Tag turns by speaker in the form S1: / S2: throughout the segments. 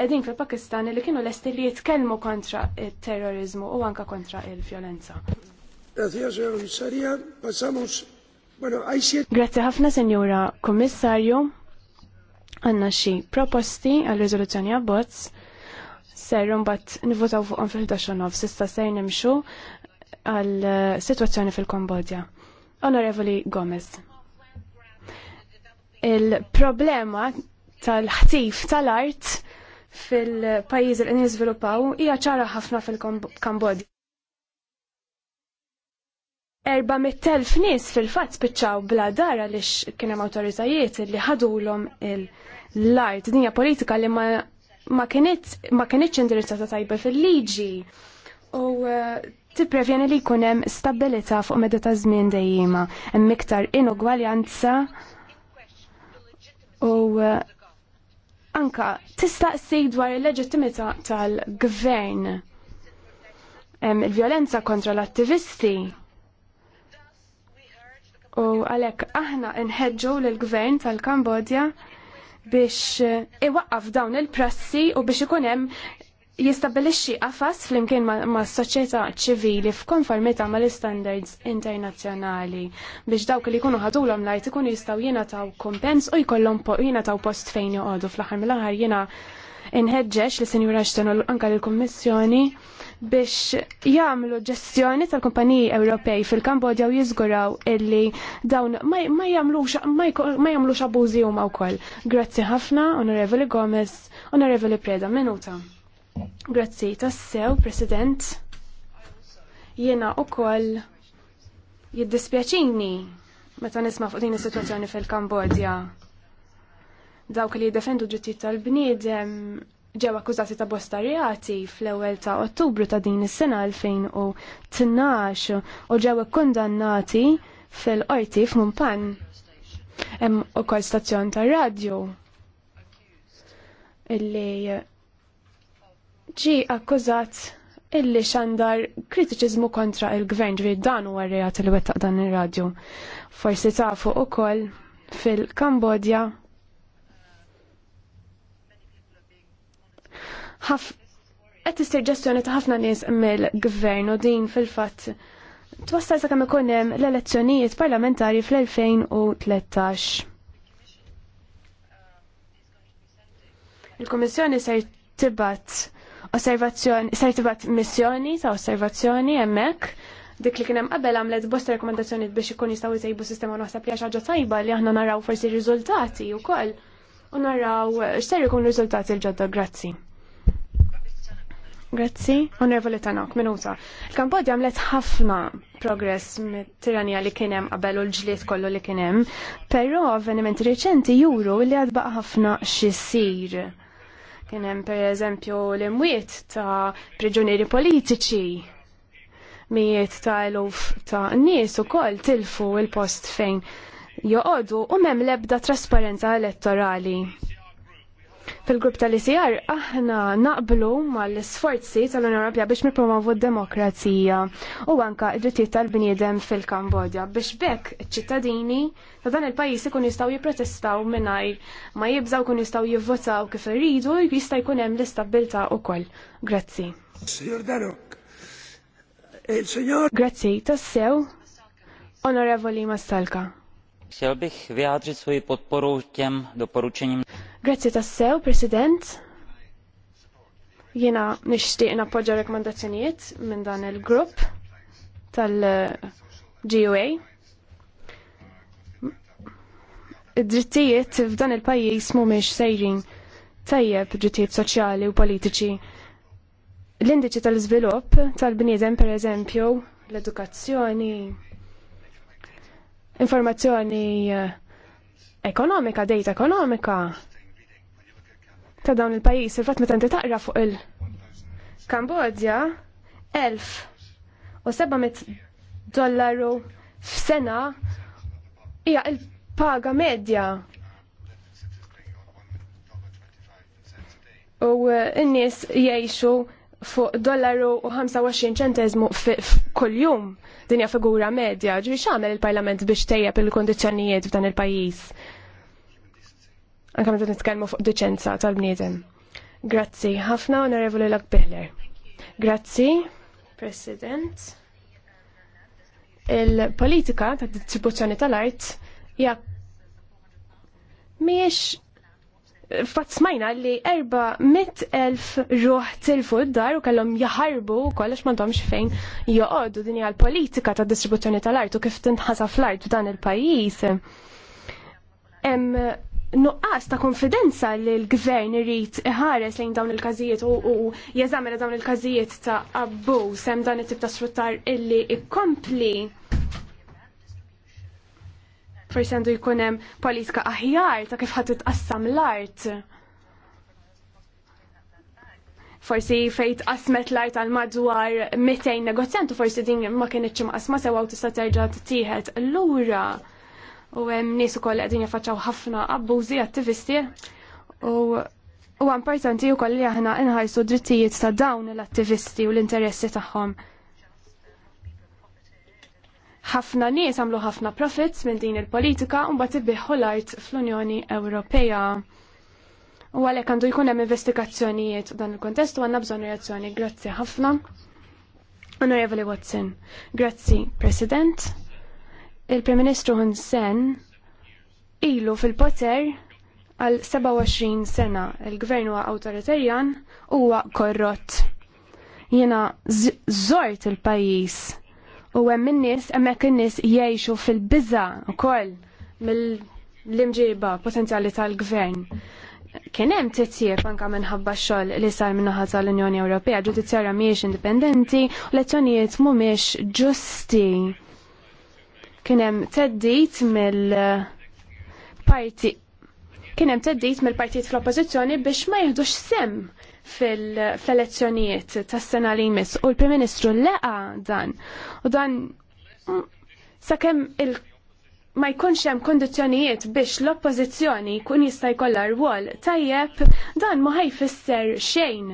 S1: edin fil pakistan li kienu l-esti li jitkellmu kontra il-terrorizmu u anka kontra il-violenza. Grazie ħafna, Senjura Komissarju. Għanna xi proposti għal-rizoluzzjoni għabbozz. Serrum mbagħad nivutaw fuqhom fil-11 sista sejn ser nimxu għal eh, situazzjoni fil-Kambodja. Onorevoli Gomez. Il-problema tal-ħtif tal-art fil-pajjiżi li niżviluppaw hija ċara ħafna fil-Kambodja. 400.000 nies fil-fatt spiċċaw bla dar għaliex kien hemm awtoritajiet li ħadulhom l-art dinja politika li ma ma kienetx indirizzata tajba fil-liġi u eh, tipprevjeni li jkun hemm stabilità fuq meta ta' żmien dejjima, hemm iktar inugwaljanza u eh, anka tistaqsi dwar il-leġittimità tal-gvern. Il-violenza kontra l-attivisti u għalek aħna nħedġu l-gvern tal-Kambodja biex iwaqqaf dawn il-prassi u biex ikun hemm jistabilixxi qafas flimkien ma' soċjetà ċivili f'konformità mal istandards internazzjonali biex dawk li jkunu ħadulhom lajt ikunu jistgħu jingħataw kumpens u jkollhom jingħataw post fejn joqogħdu fl-aħħar mill-aħħar jiena inħeġġeġ li Sinjura Ashton u anke l-Kummissjoni biex jagħmlu ġestjoni tal-kumpaniji Ewropej fil-Kambodja u jiżguraw illi dawn ma jagħmlux abużi huma wkoll. Grazzi ħafna, Onorevoli Gomez, Onorevoli Preda, minuta. Grazzi tassew, President. Jena u koll jiddispjaċini meta nisma fuq din is-sitwazzjoni fil-Kambodja. Dawk li jiddefendu ġittijiet tal-bniedem ġew akkużati ta' bosta reati fl-ewwel ta' Ottubru ta' din is-sena 2012 u ġew ikkundannati fil-qorti f'Mumpan. Hemm ukoll stazzjon tar-radju illi ġi akkużat illi xandar kritiċizmu kontra il-gvern ġri dan u għarrijat li wettaq dan il-radju. Forsi tafu u koll fil-Kambodja ħaf ġestjoni ta' ħafna nis mill-gvern u din fil-fatt twassal sa kemm ikun hemm l-elezzjonijiet parlamentari fl-2013. Il-Kummissjoni ser tibat osservazzjoni, sertibat missjoni ta' osservazzjoni hemmhekk dik li kienem qabel għamlet bosta rekomendazzjoni biex ikun jistaw jisajbu sistema naħseb li ħaġa tajba li aħna naraw forsi riżultati wkoll u naraw x'ser ikun riżultati l-ġodda grazzi. Grazzi, onorevoli Tanok, minuta. Il-Kambodja għamlet ħafna progress mit-tiranija li kienem qabel u l-ġliet kollu li kienem, però avvenimenti reċenti juru li għadbaq ħafna xisir Kien hemm pereżempju l-imwiet ta' priġunieri politiċi. Mijiet ta' eluf ta' nies ukoll tilfu il-post fejn joqogħdu u m'hemm l-ebda trasparenza elettorali. Fil-grupp tal-ICR aħna naqblu mal-sforzi tal-Unjoni Ewropea biex nippromovu d-demokrazija u anka d-drittijiet tal-bniedem fil-Kambodja biex bekk iċ-ċittadini ta' dan il-pajjiż ikun jistgħu jipprotestaw mingħajr ma jibżgħu kun jistgħu jivvotaw kif irridu jista' jkun hemm l-istabbiltà wkoll. Grazzi. E il Grazzi, tassew. Onorevoli Mastalka.
S2: Chciałbym
S3: wyrazić swoją podporu tym doporuczeniom.
S1: Grazzi tassew, President. Jena nishtiq nappoġġa rekomendazzjonijiet minn dan il-grupp tal-GUA. Id-drittijiet f'dan il-pajjiż mhumiex sejrin tajjeb drittijiet soċjali u politiċi. L-indiċi tal żvilupp tal-bniedem pereżempju l-edukazzjoni, informazzjoni eh, ekonomika, data ekonomika, ta' dawn il-pajis, il-fat meta inti taqra fuq il-Kambodja, 1700 dollaru f'sena hija il-paga medja. U uh, n-nies jgħixu fuq dollaru u 25 ċentezmu kull-jum dinja figura medja. Ġi xamel il-parlament biex tejjeb il-kondizjonijiet f'dan il-pajis. Anka meta nitkellmu fuq deċenza tal-bniedem. Grazzi, ħafna onorevoli Lok Biller. Grazzi, President. Il-politika ta' distribuzzjoni tal-art hija miex fatt smajna li 400.000 ruħ tilfu id-dar u kellhom jaħarbu kollox m'għandhomx fejn joqogħdu din hija l-politika ta' distribuzzjoni tal-art u kif tinħasa fl-art f'dan il-pajjiż. Hemm nuqqas ta' konfidenza li l-gvern irrit iħares lejn dawn il-każijiet u jeżamina dawn il-każijiet ta' abbu sem dan it-tip ta' sfruttar illi ikkompli forsi għandu jkun hemm politika aħjar ta' kif ħadd titqassam l-art. Forsi fejt qasmet l-art għal madwar 200 negozjantu forsi din ma kienitx imqasma sewa u tista' terġa' tieħed lura u hemm nies ukoll qegħdin jaffaċċaw ħafna abbużi attivisti u huwa importanti wkoll li aħna inħarsu drittijiet ta' dawn l-attivisti u l-interessi tagħhom. Ħafna nies għamlu ħafna profits minn din il-politika u mbagħad ibbieħħu l-art fl-Unjoni Ewropea. U għalhekk għandu jkun hemm investigazzjonijiet dan il-kontest u għandna bżonn reazzjoni. Grazzi ħafna. Onorevoli Watson. Grazzi, President il-Prim Ministru Hun Sen ilu fil-poter għal 27 sena il-gvern huwa awtoritarjan huwa korrott. Jiena żort il-pajjiż u hemm in-nies hemmhekk in-nies jgħixu fil-biża ukoll mill-imġiba potenzjali tal-gvern. Kien hemm titjib anke minħabba xogħol li sar minnaħa tal-Unjoni Ewropea, ġudizzjarja mhijiex indipendenti, u lezzjonijiet mhumiex ġusti kienem teddit mill-parti kienem teddit mill-partijiet fl-oppozizjoni biex ma jihdux sem fil-elezzjonijiet tas sena li jmiss u l-Prim Ministru leqa dan u dan sakemm il ma jkunx hemm kondizzjonijiet biex l-oppożizzjoni jkun jista' jkollha rwol tajjeb dan ma ħajfisser xejn.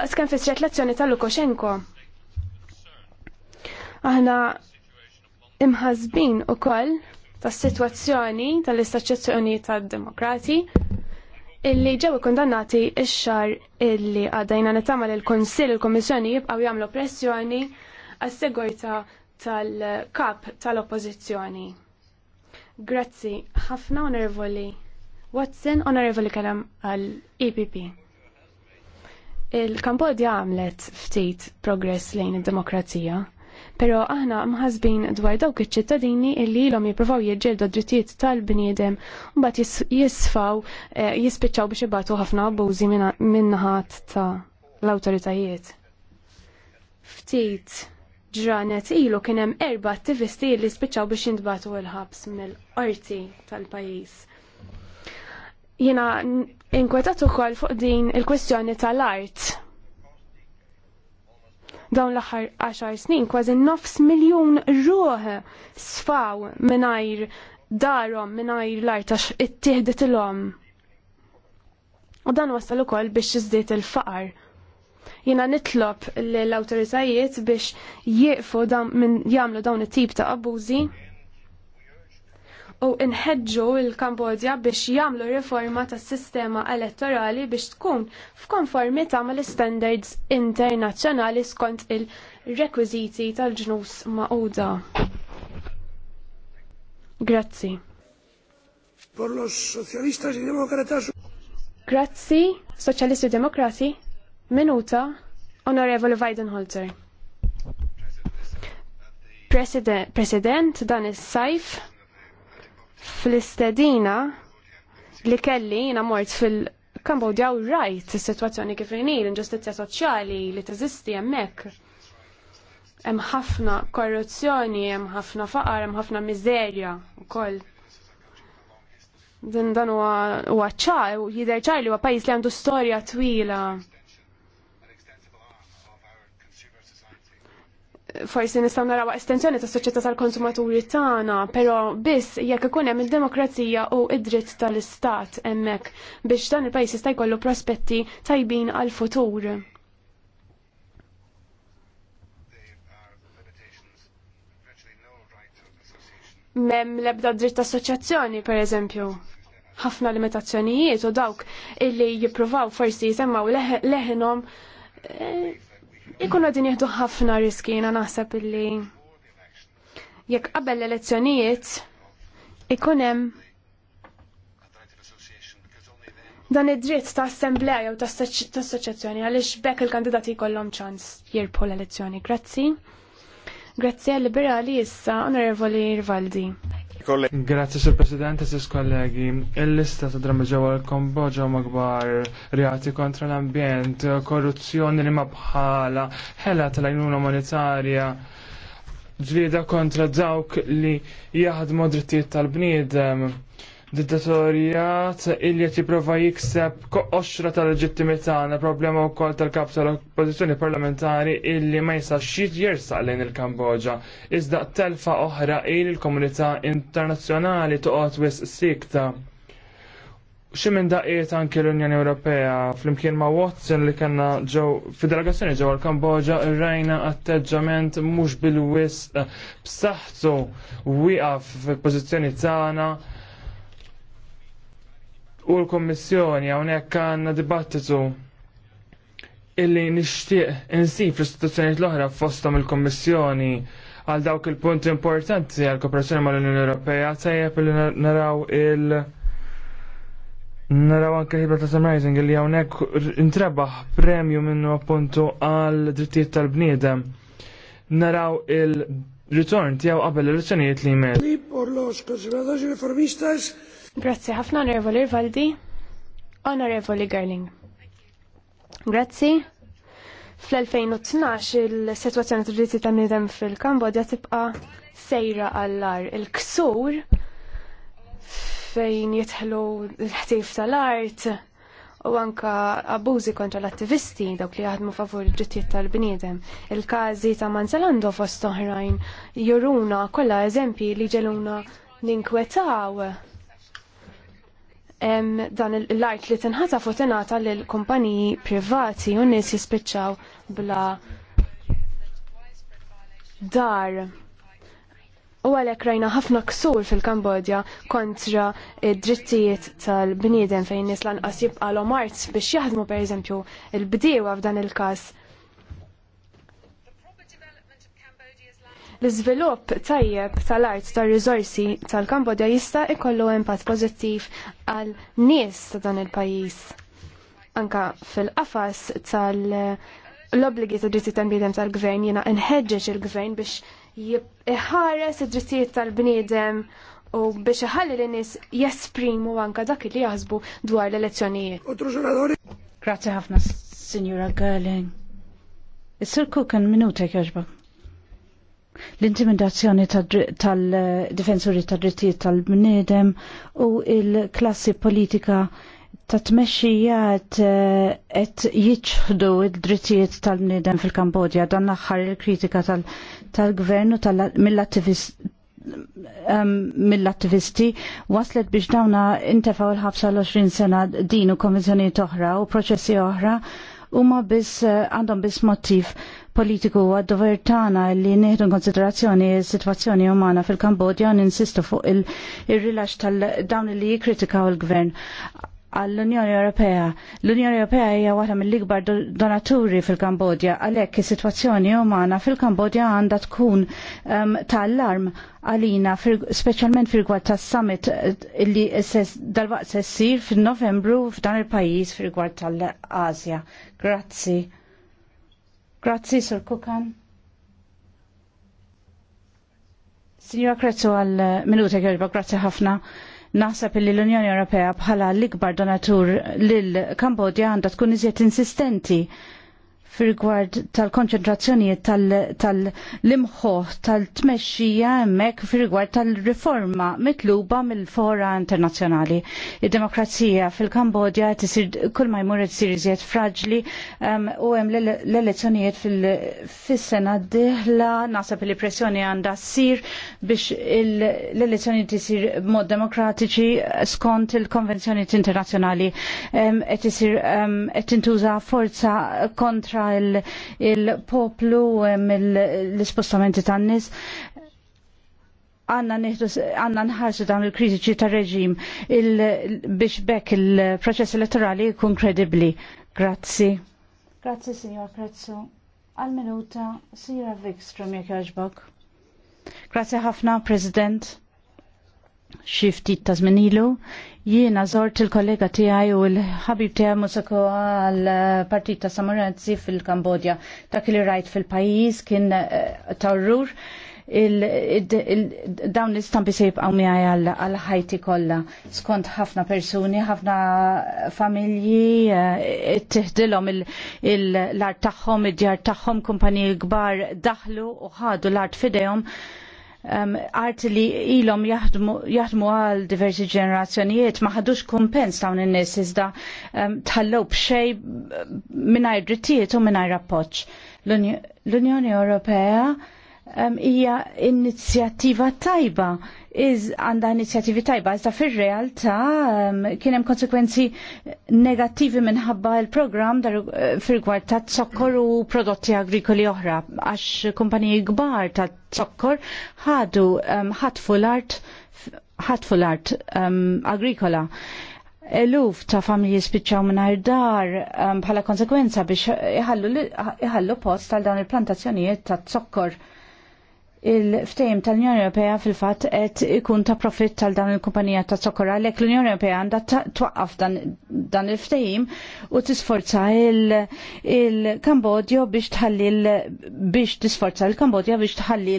S1: Daqs kemm fissret l-azzjoni tal-Lukoshenko. Aħna imħazbin u koll tas situazzjoni tal-istaċezzjoni tad-demokrati illi ġew kondannati ix-xar illi għadajna nitama il konsil il-Komissjoni jibqgħu jagħmlu pressjoni għas-segurta tal-kap tal-Oppożizzjoni. Grazzi ħafna onorevoli Watson, onorevoli kalam għal EPP. Il-Kambodja għamlet ftit progress lejn id-demokrazija. Pero aħna mħazbin dwar dawk iċ-ċittadini illi ilhom jippruvaw jiġġieldu drittijiet tal-bniedem u mbagħad jisfaw eh, jispiċċaw biex ibatu ħafna abbużi minnaħat ta' l-awtoritajiet. Ftit ġranet ilu kien hemm erba' attivisti li spiċċaw biex jintbatu l-ħabs mill-qorti tal-pajjiż. Jiena inkwetatu ukoll fuq din il-kwestjoni tal-art dawn l-aħħar 10 snin kważi nofs miljun ruħ sfaw mingħajr darhom mingħajr l-artax ittieħdet ilhom. U dan wasal ukoll biex iżdiet il-faqar. Jiena nitlob l-awtoritajiet biex jieqfu jagħmlu dawn it-tip ta' abbużi u nħedġu l-Kambodja biex jagħmlu riforma tas-sistema elettorali biex tkun f'konformità mal-standards internazzjonali skont il-rekwiżiti tal-ġnus Magħquda. Grazzi.
S2: Por los socialistas y demócratas.
S1: Grazzi, Soċjalisti Demokrati. Minuta, Onorevole Weidenholzer. President, president dan is-sajf fl-istedina li kelli jina mort fil-Kambodja u rajt is-sitwazzjoni kif rini l-inġustizzja soċjali li teżisti hemmhekk. Hemm ħafna korruzzjoni, hemm ħafna faqar, hemm ħafna miżerja wkoll. Din dan huwa ċar, jidher ċar li huwa pajjiż li għandu storja twila forsi nistgħu naraw estensjoni tas soċjetà tal-konsumaturi tagħna, però biss jekk ikun hemm id-demokrazija u id-dritt tal-istat hemmhekk biex dan il-pajjiż jista' jkollu prospetti tajbin għall-futur. Mem lebda dritt ta' assoċjazzjoni, per eżempju, ħafna limitazzjonijiet u dawk illi jippruvaw forsi jisemmaw leħenom Ikunu din jihdu ħafna riski jina naħseb illi jekk qabel l-elezzjonijiet ikunem dan id-dritt ta' assembleja jew ta' assoċjazzjoni għaliex bekk il-kandidati jkollhom ċans jirbħu l-elezzjoni. Grazzi. Grazzi għall liberali issa Onorevoli Rivaldi
S2: kollegi. Grazie, Sir President, Sir kollegi. Il-lista ta' drammi ġewwa l-Kambodġa magbar reati kontra l-ambjent, korruzzjoni li ma bħala, ħela tal-għajnuna monetarja, ġlieda kontra dawk li jaħdmu drittijiet tal-bniedem dittatorjat illi qed jipprova jikseb oxra tal-leġittimità problema wkoll tal-kap tal-oppożizzjoni parlamentari illi ma jistax jersa lejn il-Kambodġa. Iżda telfa oħra il l-komunità internazzjonali toqgħod wis sikta. Xi minn daqiet anke l-Unjoni Ewropea flimkien ma' Watson li kellna ġew fid-delegazzjoni ġew l kamboġa rajna atteġġament mhux bil-wisq b'saħħtu wieqaf f'pożizzjoni tagħna u l-Kommissjoni hawnhekk għandna dibattitu illi nixtieq insib fl-istituzzjonijiet l-oħra fosthom il-Kommissjoni għal dawk il-punt importanti għal kooperazzjoni mal-Unjoni Ewropea tajjeb li naraw il- Naraw anke ħibra ta' summarizing li hawnhekk intrebaħ premju minnu appuntu għal drittijiet tal-bniedem. Naraw il-ritorn tiegħu qabel l-elezzjonijiet li jmel.
S1: Grazzi ħafna Onorevoli Rivaldi. Onorevoli Gerling. Grazzi. Fl-2012 il-situazzjoni ta' dritti ta' nidem fil-Kambodja tibqa' sejra għall-ar. Il-ksur fejn jitħlu l-ħtif tal-art u anka abbużi kontra l-attivisti dawk li jaħdmu favur id-drittijiet tal-bniedem. Il-każi ta' Manzalando fost oħrajn juruna kollha eżempji li ġeluna ninkwetaw dan l-art li tinħata u tingħata lil kumpaniji privati u nies jispiċċaw bla dar. U għalhekk rajna ħafna ksur fil-Kambodja kontra id-drittijiet tal-bniedem fejn nies lanqas jibqalhom art biex jaħdmu pereżempju il-bdiewa f'dan il-każ L-iżvilupp tajjeb tal-art tar-riżorsi tal-Kambodja jista' ikollu impatt pożittiv għal nies ta' dan il-pajjiż. Anka fil-qafas tal- l-obligi ta' drittijiet tal-bniedem tal-gvern jiena nħeġġeġ il-gvern biex iħares id-drittijiet tal-bniedem u biex iħalli l-nies jesprimu anka dak li jaħsbu dwar l-elezzjonijiet.
S3: Grazzi ħafna, Signora Gerling. Is-sirku kan minuta kjaġbak l-intimidazzjoni tal-difensuri tad drittijiet tal-bnedem u il-klassi politika ta' tmexxija qed eh, jiġħdu id-drittijiet tal-bnedem fil-Kambodja dan l-aħħar il-kritika tal-gvern u mill-attivisti waslet biex dawna intefaw il-ħabsa l-20 sena din u konvenzjonijiet oħra u proċessi oħra ma biss eh, għandhom biss motiv politiku għad dover tagħna li nieħdu konsiderazzjoni s-sitwazzjoni umana fil-Kambodja ninsistu fuq il-rilax tal-dawn li jikkritikaw il-gvern għall-Unjoni Ewropea. L-Unjoni Ewropea hija waħda mill-ikbar donaturi fil-Kambodja, għalhekk is-sitwazzjoni umana fil-Kambodja għandha tkun um, ta' allarm għalina, speċjalment fil-gwad tas summit eh, li dal-waqt se ssir fin novembru f'dan il pajjiż fil-gwad tal-Asja. Grazzi. Grazzi, Sur Kukan. Signora Krezzo għal eh, minuta gerba, grazzi ħafna. Naħseb li l-Unjoni Ewropea bħala l-ikbar donatur lil Kambodja għandha tkun iżjed insistenti Firgward tal-konċentrazzjonijiet tal-imħoħ tal-tmexxija hemmhekk firgward tal-riforma mitluba mill-fora internazzjonali. Id-demokrazija fil-Kambodja tisir kull ma jmur tisir iżjed fraġli u hemm l-elezzjonijiet fis-sena d-dieħla naħseb li pressjoni għandha ssir biex l elezzjonijiet tisir b'mod demokratiċi skont il-konvenzjonijiet internazzjonali qed isir qed tintuża forza kontra il-poplu mill-ispostamenti tan nies għanna nħarsu dawn il-kritiċi ta' reġim biex bekk il-proċess elettorali jkun kredibli. Grazzi. Grazzi, signor Prezzo. Għal-minuta, signora Vikstrom, jek jaġbok. Grazzi ħafna, President xi ftit ta' żminilu jiena żort il-kollega tiegħi u l-ħabib tiegħi Musako għal partit ta' Samurazzi fil-Kambodja. Dak li rajt fil-pajjiż kien eh, tarrur dawn l-istampi se jibqaw miħaj għal ħajti kollha. Skont ħafna persuni, ħafna familji eh, t-tihdilom l-art tagħhom, id-djar tagħhom, kumpaniji kbar daħlu u ħadu l-art fidejhom um, art li ilhom jaħdmu għal diversi ġenerazzjonijiet ma ħadux kumpens dawn in-nies iżda um, tħallew b'xej uh, mingħajr drittijiet u mingħajr appoġġ. L-Unjoni Ewropea hija um, inizjattiva tajba iż għandha inizjattivi tajba iżda fir-realtà um, kien hemm konsekwenzi negattivi minħabba l-programm eh, fir-rigward ta' zokkor u prodotti agrikoli oħra għax kumpaniji kbar ta' zokkor ħadu ħatfu l-art ħatfu l-art agrikola eluf ta' familji spiċċaw mingħajr dar bħala konsekwenza biex iħallu post għal dawn il-plantazzjonijiet ta' zokkor il-ftejm tal-Unjoni Ewropea fil-fatt qed ikun ta' profitt tal dan il-kumpanija ta' sokor għalhekk l-Unjoni Ewropea għandha twaqqaf dan il-ftejm u tisforza il-Kambodja biex tħalli biex tisforza il-Kambodja biex tħalli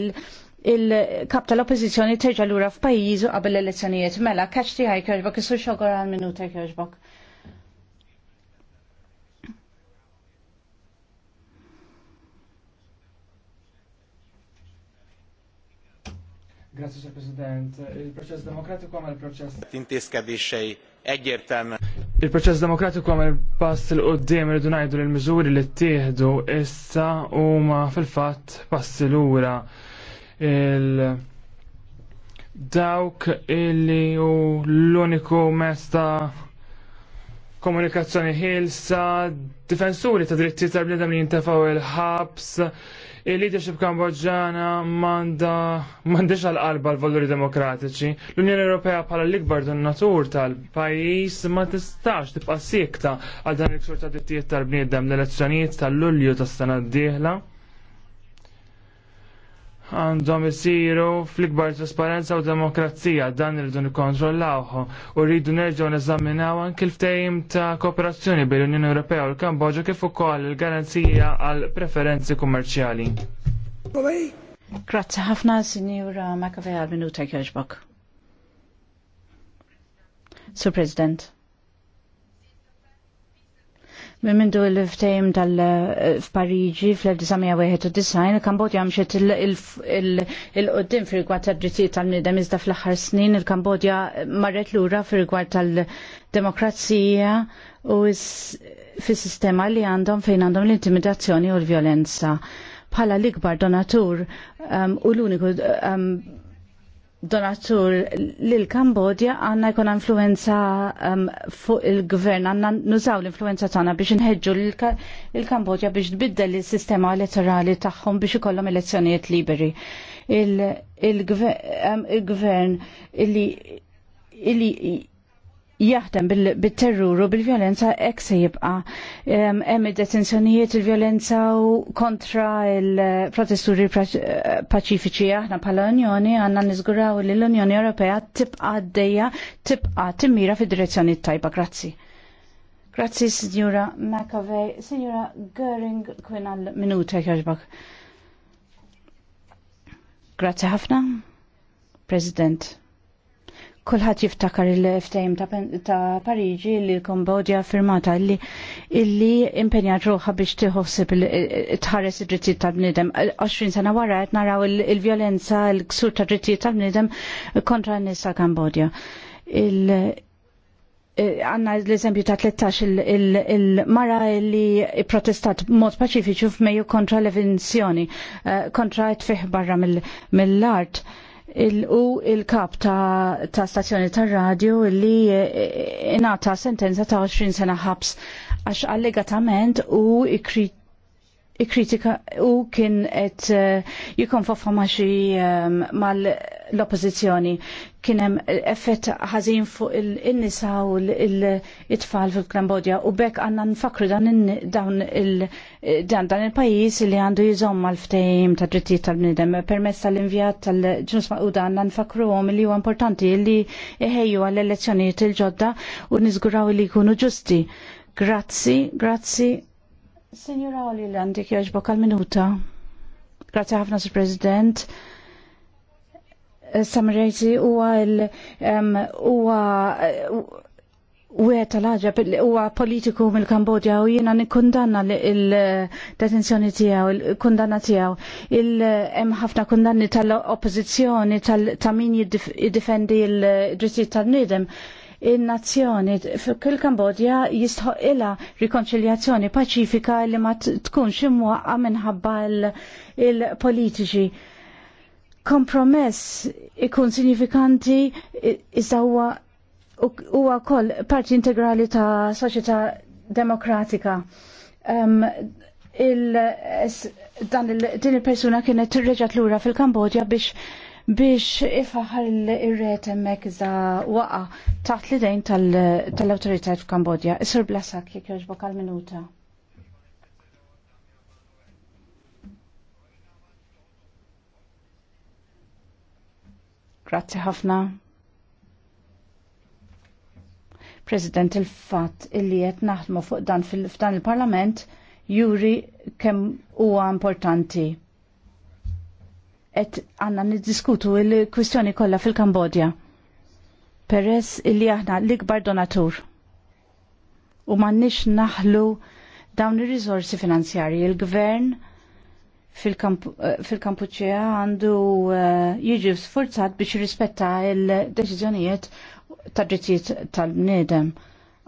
S3: il-kap tal-oppozizjoni terġa' lura f'pajjiżu qabel l-elezzjonijiet mela kaċ tiegħi kjerġbok issu xogħol għal minuta kjerġbok.
S2: Grazie, Sir President. Il-proċess demokratiku għamel il-proċess. Tintiskedixej egyértelműen. Il-proċess demokratiku għamel pass il-qoddim irridu najdu l-mizuri li t-tieħdu issa u ma fil-fat pass l-ura il- dawk illi u l-uniku mezz ta' komunikazzjoni ħilsa, difensuri ta' dritti tal-bnedem li jintefaw il-ħabs, Il-leadership kambodġana manda mandiġ għal-qalba l-valuri demokratiċi. L-Unjoni Ewropea bħala l-ikbar donatur tal-pajis ma tistax tibqa' sikta għal dan il-ksur ta' dittijiet tal-bniedem l-elezzjonijiet tal-Lulju tas-sena d-dieħla għandhom isiru fl-ikbar trasparenza u demokrazija dan irridu nikkontrollawhom u rridu nerġgħu neżaminaw anke l-ftehim ta' kooperazzjoni bil unjoni Ewropea u l-Kambodġa kif ukoll il-garanzija għal preferenzi kummerċjali.
S3: Grazzi ħafna Sinjura Makavea minuta jogħġbok. Sur President. Mindu l-ftejm tal-Pariġi fl-1991, il-Kambodja mxet il-qoddim fil rigward tal-drittijiet tal-nidem iżda fl-axar snin, il-Kambodja marret lura fil rigward tal-demokrazija u fil-sistema li għandhom fejn għandhom l-intimidazzjoni u l-violenza. Bħala l-ikbar donatur um, u l-uniku um, donatur lil kambodja għanna jkun influenza um, fuq il-gvern, għanna nużaw l-influenza tagħna biex nħedġu l-Kambodja biex tbiddel il-sistema elettorali tagħhom biex ikollhom elezzjonijiet liberi. Um, il-gvern il il illi jaħdem bil-terruru, bil bil-violenza, ek se jibqa. Hemm id-detenzjonijiet, il-violenza u kontra il-protesturi paċifiċi aħna bħala Unjoni għandna niżguraw li l-Unjoni Ewropea tibqa għaddejja, tibqa timmira fid-direzzjoni tajba. Grazzi. Grazzi, Signora McAvey. Signora Göring, kien għal minuta kħarġbak. Grazzi ħafna, President. Kulħadd jiftakar il ftajm ta' Pariġi li l-Kambodja firmata li illi impenjat ruħa biex tiħossib tħares id-drittijiet tal-bniedem. 20 sena wara qed naraw il-vjolenza, l-ksur ta' drittijiet tal-bniedem kontra n-nies ta' Kambodja. Għanna l-eżempju ta' 13 il-mara li protestat mod paċifiċu f'mejju kontra l evinzjoni eh, kontra t-fih barra mill-art. mill art il-u il-kap ta', ta stazzjoni ta' radio li inata e, e, e, sentenza ta' 20 sena ħabs għax allegatament u ikrit kritika u kien et eh, jikon fofama xi eh, mal l-oppozizjoni kien hemm eh, effett ħażin fuq il-nisa u l-itfal fil-Kambodja u bekk għandna nfakru dan il-pajjiż li għandu jżomm mal-ftehim ta' drittijiet tal-bniedem permezz tal-invjat tal-ġnus maquda għandna nfakruhom li huwa importanti li jħejju għall-elezzjonijiet il-ġodda u niżguraw li jkunu ġusti. Grazzi, grazzi Signora Olilandi, kjoġbok għal-minuta. Grazie ħafna, Sir President. Eh, Samarajzi huwa il huwa eh, Weta l huwa politiku mill-Kambodja u jiena nikkundanna il-detenzjoni tiegħu, il-kundanna tiegħu. Hemm ħafna kundanni tal-oppożizzjoni ta' min jiddifendi l-drittijiet tal nidem il-nazzjoni fil kambodja jistħoq ila rikonċiljazzjoni paċifika li ma tkunx imwaqqa minħabba il-politiċi. Kompromess ikun sinifikanti iżda huwa koll parti integrali ta' soċjetà demokratika. Um, il, dan il, din il-persuna kienet tirreġat lura fil-Kambodja biex biex ifaħal il-ret emmek za waqa taħt li dejn tal-autoritajt f'Kambodja. Isur blasak jek joġbok għal-minuta. Grazzi ħafna. President il-fat illi qed naħdmu fuq dan fil-dan il-Parlament juri kemm huwa importanti et għanna niddiskutu il-kwistjoni kollha fil-Kambodja. Peress illi aħna l-ikbar donatur. U m'għandniex naħlu dawn ir rizorsi finanzjarji. Il-gvern eh, fil-Kampuċea għandu eh, jiġi sforzat biex jirrispetta il-deċiżjonijiet ta' drittijiet tal-bniedem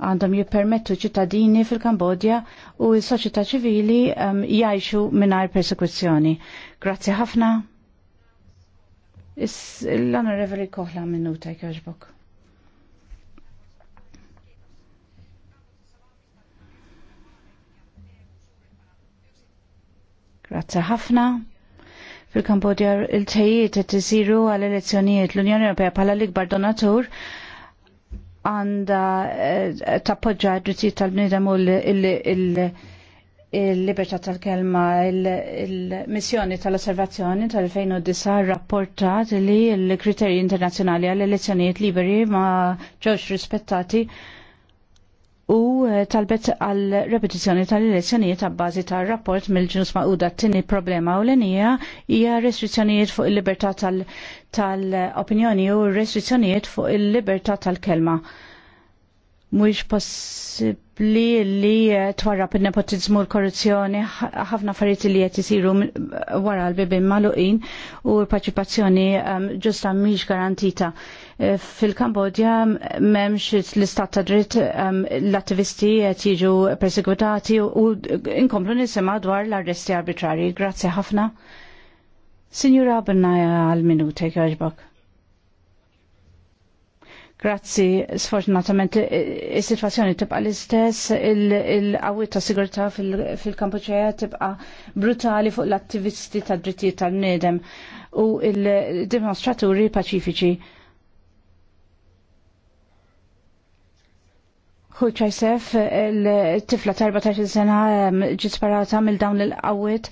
S3: għandhom jippermettu ċittadini fil-Kambodja u s-soċjetà ċivili jgħajxu ehm, jgħixu mingħajr persekuzzjoni. Grazzi ħafna Is L-Onorevoli Kohla minuta jkjoġbok. Grazzi ħafna. Fil-Kambodja il-tejiet qed isiru għal elezzjonijiet l-Unjoni Ewropea bħala l-ikbar donatur għandha eh, tappoġġa d-drittijiet tal-bniedem u l- il-libertà tal-kelma, il-missjoni tal-osservazzjoni tal-2009 rapportat li l-kriterji internazjonali għall-elezzjonijiet liberi ma ġewx rispettati u talbet għal repetizzjoni tal-elezzjonijiet ta' bażi tar rapport mill-ġnus maquda t-tini problema u l-enija hija restrizzjonijiet fuq il-libertà tal-opinjoni u restrizzjonijiet fuq il-libertà tal-kelma. tal kelma mhuwiex possibbli li twarra per nepotizmu l-korruzzjoni ħafna affarijiet li qed isiru wara l-bibin maluqin u l-parċipazzjoni ehm, ġusta mhix garantita. E, Fil-Kambodja m'hemmx l-istat ta' dritt ehm, l-attivisti qed jiġu persegwitati u inkomplu nisimgħu dwar l-arresti arbitrarji. Grazzi ħafna. Signora Bennaja għal minute għaxbak. Grazzi, sfortunatament, il-situazzjoni tibqa l-istess, il-qawit ta' sigurta fil-kampuċeja tibqa brutali fuq l-attivisti ta' drittijiet tal-nedem u il-demonstraturi paċifiċi. Kulċajsef, il-tifla ta' 14 sena ġisparata mill-dawn il-qawit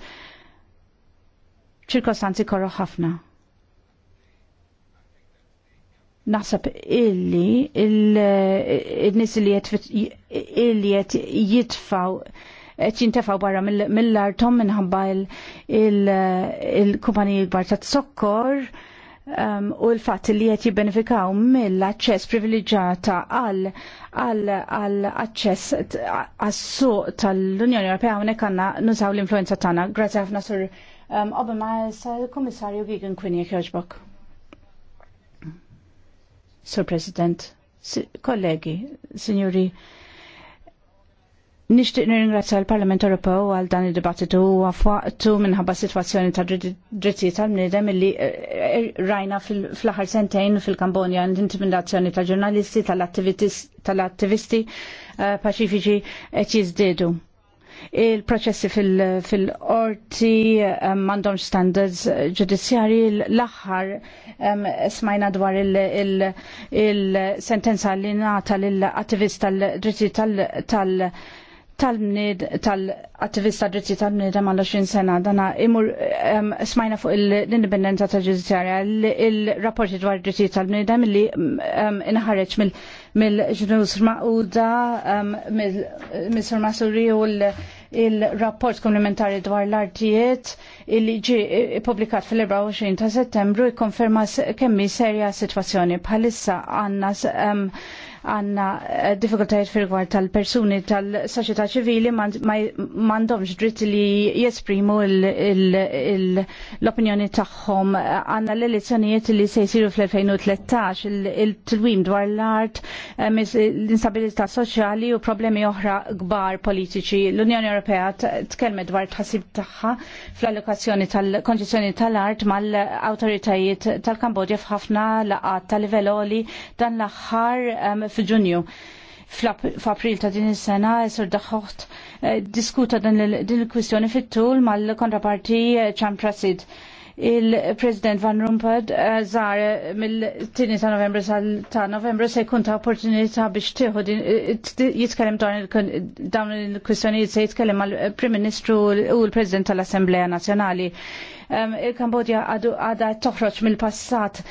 S3: ċirkostanzi korro ħafna naħseb illi il-nis il li jett jitfaw qed jintefaw barra mill-artom minħabba il-kumpaniji il kbar ta' sokkor um, u l-fatt li qed jibbenefikaw mill-aċċess privileġġata għal acċess aċċess għas-suq tal-Unjoni Ewropea hawnhekk għandna nużaw l-influenza tagħna. Grazzi ħafna sur um, Obama sa' Kummissarju Gigan Quinn jekk jogħġbok. Sur President, kollegi, signori, Nishtiq nirringrazzja l-Parlament Ewropew għal dan id-dibattitu u għafwaqtu minħabba situazzjoni ta' drittijiet tal-bniedem illi eh, eh, rajna fl-aħħar sentejn fil-Kambonja l-intimidazzjoni tal-ġurnalisti, tal-attivisti eh, paċifiċi qed jiżdiedu il-proċessi fil-orti mandom standards ġudizzjari l-axħar smajna dwar il-sentenza li nata l-attivist tal-dritti tal- tal-mnid, tal-attivista dritti tal-mnid għal 20 sena, dana imur smajna fuq l-indipendenza tal-ġudizjarja, il-rapporti dwar dritti tal-mnid li inħarreċ mill- mill-ġnus maquda um, mill-Sur Masuri u il-rapport komplementari dwar l-artijiet illi ġi publikat fil-24 ta' settembru jkonferma kemmi serja situazzjoni bħalissa għanna um, għanna eh, diffikultajiet fil tal-persuni tal-soċjetà ċivili m'għandhomx dritt li jesprimu l-opinjoni tagħhom għanna l-elezzjonijiet li se jsiru fl-2013 il-twim dwar l-art eh, l-instabilità soċjali u problemi oħra gbar politiċi. L-Unjoni Ewropea tkellmet dwar tħassib tagħha fl-allokazzjoni tal-konċessjoni tal-art mal-awtoritajiet tal-Kambodja f'ħafna laqat tal-livell oli dan l-aħħar ġunju F'April ta' din is-sena Sur Daħħoħt eh, diskuta din il-kwistjoni fit-tul mal-kontraparti ċamprasid. Eh, Il-President Van Rumpad eh, zar mill-tini ta' novembru ta' novembru se jkun ta' opportunità biex tieħu jitkellem dawn il kwistjoni se jitkellem mal-Prim Ministru u l-President tal-Assembleja Nazzjonali il-Kambodja għadha toħroġ mill-passat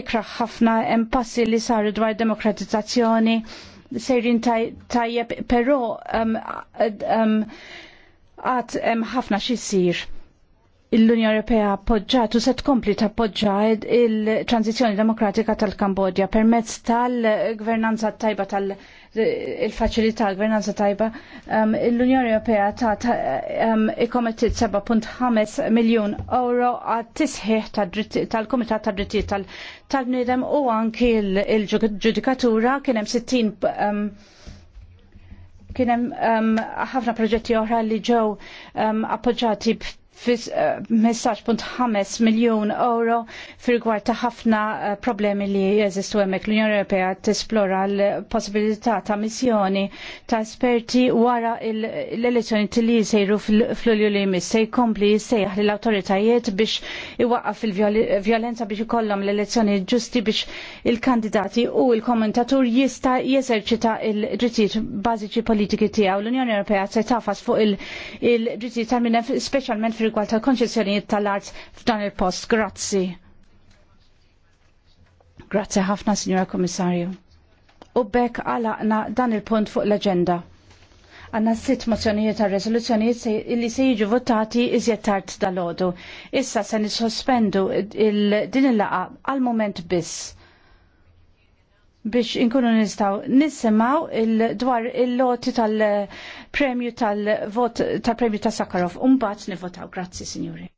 S3: ikraħ ħafna hemm passi li saru dwar demokratizzazzjoni sejrin tajjeb, però għad hemm ħafna xissir l-Unjoni Ewropea appoġġat u se tkompli tappoġġa il transizjoni demokratika tal-Kambodja permezz tal-gvernanza tajba tal-, kambodja il-faċilità l-gvernanza tajba, um, l-Unjoni Ewropea ta' ikometit 7.5 miljon euro għat tisħiħ tal-Komitat ta' Dritti tal-Nidem u anki l ġudikatura kienem 60 um, kienem um, ħafna proġetti oħra li ġew appoġġati 15.5 eh, miljon euro fil-gwar ta' ħafna eh, problemi li jeżistu hemmhekk l-Unjoni Ewropea tesplora l-possibilità ta' missjoni ta' esperti wara l-elezzjoni li jsejru fl-Ulju li jmiss se jkompli jissejjaħ lill awtoritajiet biex iwaqqaf il-vjolenza biex ikollhom l-elezzjoni ġusti biex il-kandidati u l kommentatur jista' jeżerċita l drittijiet bażiċi politiki tiegħu. L-Unjoni Ewropea se tafas fuq il-drittijiet tal-minef speċjalment fil rigward tal-konċessjonijiet tal-art f'dan il-post. Grazzi. Grazzi ħafna, Signora Komissarju. U bekk għalaqna dan il-punt fuq l-agenda. Għanna sitt mozzjonijiet ta' rezoluzzjonijiet li se jiġu votati iżjed tard dal-ħodu. Issa se nissospendu din il-laqa għal-moment biss biex inkunu nistaw nissimaw il dwar il-loti tal-premju tal-vot tal-premju ta' Sakarov Umbat nivotaw. Grazzi, signori.